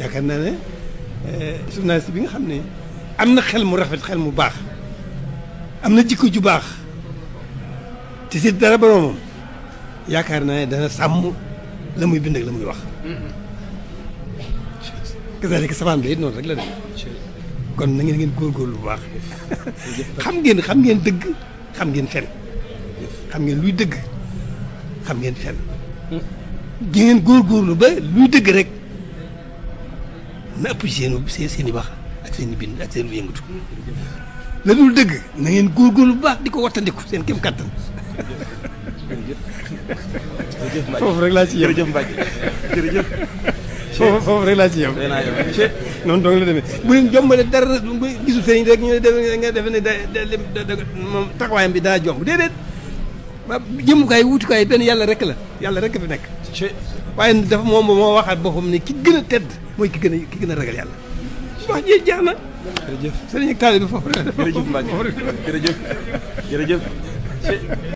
yaakaar naa ne eh, journaliste bi nga xam ne am na xel mu rafet xel mu baax am na jikko ju baax te si dara boroomam yaakaar naa ne dana sàmm la muy bind ak la muy wax. kazaalika sabaan bi it noonu rek la dem kon na ngeen ngeen góorgóorlu bu baax xam ngeen xam ngeen dëgg xam ngeen fen xam ngeen luy dëgg xam ngeen fen hmm. ngeen góorgóorlu ba luy dëgg rek na ëpp ci seen seen i wax ak bind ak seen i yëngatu la dul dëgg na ngeen góorgóorlu bu baax di ko wattandiku seen kéem kattan. jërëjëf Mbacke foofu rek laa ci yem jërëjëf Mbacke jërëjëf. foofu foofu rek laa ci yem. noonu dong la demee bu leen jombale dara bu gisul rek ñu ne nga defe ne da da moom taxawaayam bi daa jomb déedéet. waaw jëmukaay wutukaay benn yàlla rek la yàlla rek fi nekk. waaye dafa moom moo waxaat boppam ne ki gën a tedd mooy ki gën a ki gën a ragal yàlla wax ji jeex na. jërëjëf sëriñ ak taalibe bi foofu rek. jërëjëf Mbacke jërëjëf jërëjëf.